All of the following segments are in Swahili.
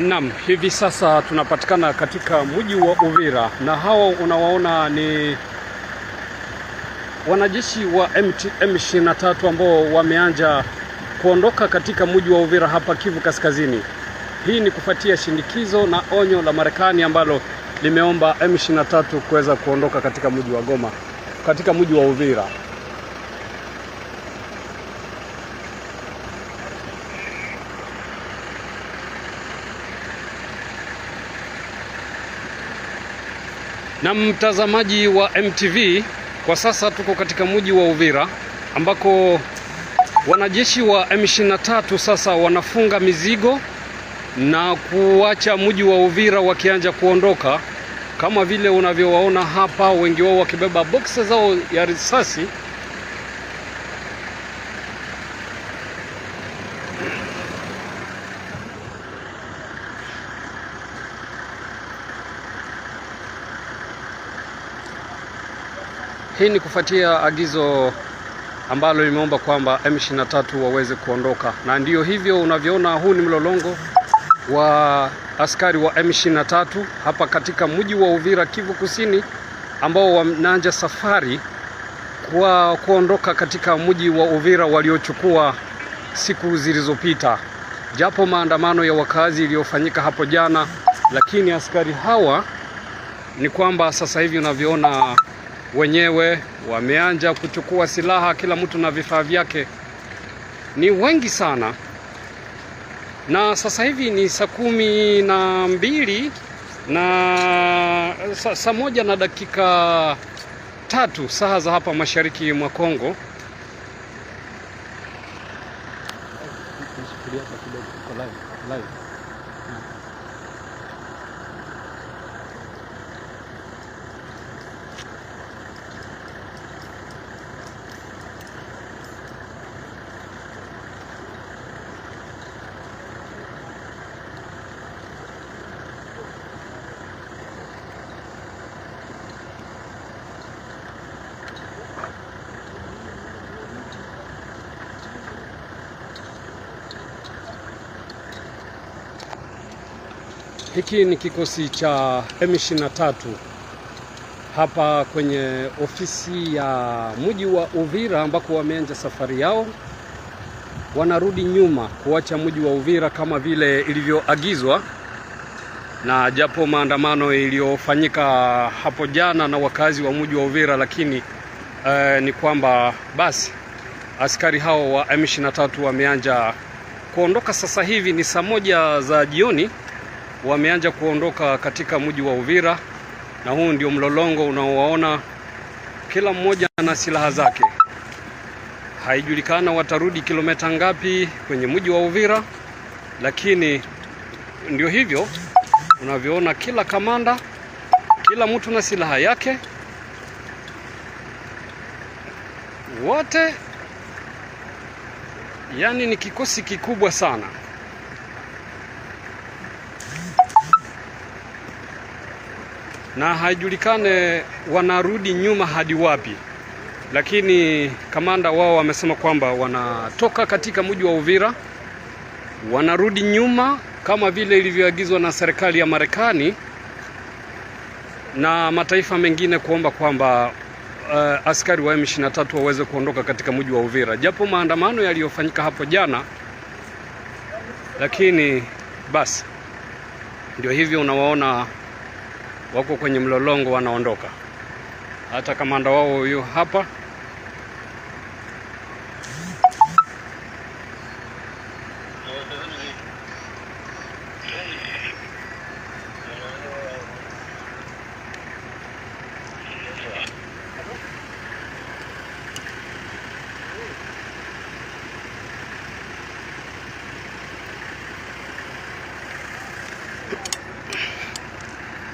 Naam, hivi sasa tunapatikana katika mji wa Uvira na hao unawaona ni wanajeshi wa M23 ambao wameanza kuondoka katika mji wa Uvira hapa Kivu Kaskazini. Hii ni kufuatia shinikizo na onyo la Marekani ambalo limeomba M23 kuweza kuondoka katika mji wa Goma, katika mji wa Uvira. Na mtazamaji wa MTV, kwa sasa tuko katika mji wa Uvira ambako wanajeshi wa M23 sasa wanafunga mizigo na kuacha mji wa Uvira wakianja kuondoka, kama vile unavyowaona hapa, wengi wao wakibeba boksi zao ya risasi. Hii ni kufuatia agizo ambalo limeomba kwamba M23 waweze kuondoka, na ndiyo hivyo unavyoona, huu ni mlolongo wa askari wa M23 hapa katika mji wa Uvira, Kivu Kusini, ambao wanaanza safari kwa kuondoka katika mji wa Uvira waliochukua siku zilizopita, japo maandamano ya wakazi iliyofanyika hapo jana, lakini askari hawa ni kwamba sasa hivi unavyoona wenyewe wameanja kuchukua silaha, kila mtu na vifaa vyake, ni wengi sana. Na sasa hivi ni saa kumi na mbili na saa moja na dakika tatu saa za hapa mashariki mwa Kongo. Hiki ni kikosi cha M23 hapa kwenye ofisi ya mji wa Uvira ambako wameanza safari yao, wanarudi nyuma kuacha mji wa Uvira kama vile ilivyoagizwa na japo maandamano iliyofanyika hapo jana na wakazi wa mji wa Uvira, lakini eh, ni kwamba basi askari hao wa M23 wameanza kuondoka sasa hivi ni saa moja za jioni wameanza kuondoka katika mji wa Uvira, na huu ndio mlolongo unaowaona, kila mmoja na silaha zake. Haijulikana watarudi kilomita ngapi kwenye mji wa Uvira, lakini ndio hivyo unavyoona, kila kamanda, kila mtu na silaha yake, wote, yani ni kikosi kikubwa sana. na haijulikane wanarudi nyuma hadi wapi, lakini kamanda wao wamesema kwamba wanatoka katika mji wa Uvira wanarudi nyuma kama vile ilivyoagizwa na serikali ya Marekani na mataifa mengine kuomba kwamba uh, askari wa M23 waweze kuondoka katika mji wa Uvira, japo maandamano yaliyofanyika hapo jana, lakini basi ndio hivyo unawaona wako kwenye mlolongo, wanaondoka. Hata kamanda wao huyu hapa.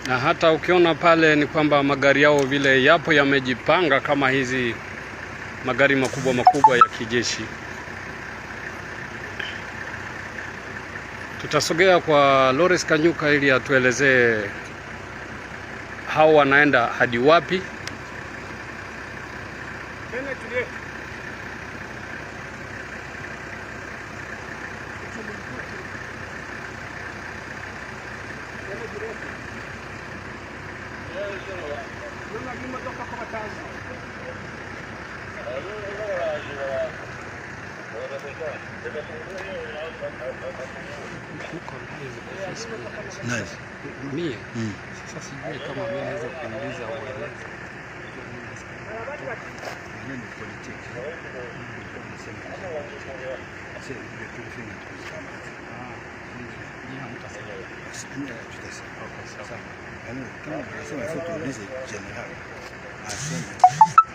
na hata ukiona pale ni kwamba magari yao vile yapo yamejipanga kama hizi magari makubwa makubwa ya kijeshi. Tutasogea kwa Lawrence Kanyuka ili atuelezee hao wanaenda hadi wapi. Yung é matok ako é Ayun, ayun, ayun, ayun. Mie sasa sijui kama mi naweza kuingiza uelezi ni politiki Kama anasema sote tuulize jenerali aseme